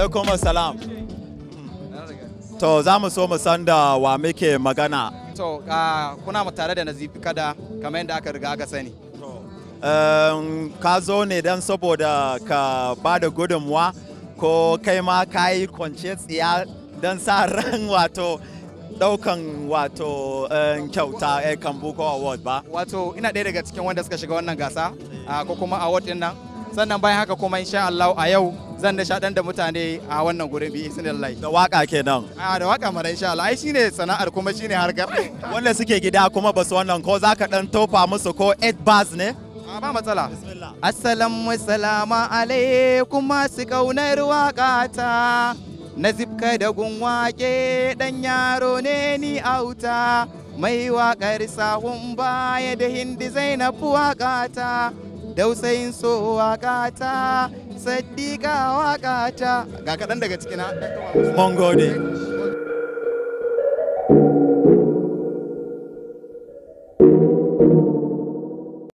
alaikum assalam to za mu so mu san da wa muke magana to ah, kuna mu tare da nazifi kada kamar yadda aka riga aka sani ka zo ne don saboda ka ba da gudunmuwa ko kai ma ka yi kwance tsiya don sa ran wato daukan wato kyauta eh, kambuko award ba wato ina ɗaya daga cikin wanda suka shiga wannan gasa ah, ko kuma award din nan sannan bayan haka kuma insha Allah a yau zan nishaɗan da mutane a wannan gurin bi lallai da waka kenan a da waka mara insha Allah ai shine sana'ar kuma shine harkar wanda suke gida kuma basu wannan ko zaka dan tofa musu ko 8 bars ne ba matsala assalamu salama alaikum masu kaunar waƙata na zibka da gunwake dan yaro ne ni auta mai waƙar sahun baya da hindi zainab waƙata dausayin so wakata saddiƙa wakata ga kaɗan daga cikin mun gode thank you